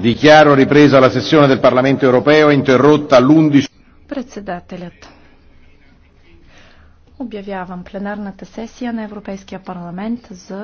Dichiaro ripresa la sessione del Parlamento europeo interrotta l'11. Председателят. Обявявам пленарната сесия на Европейския парламент за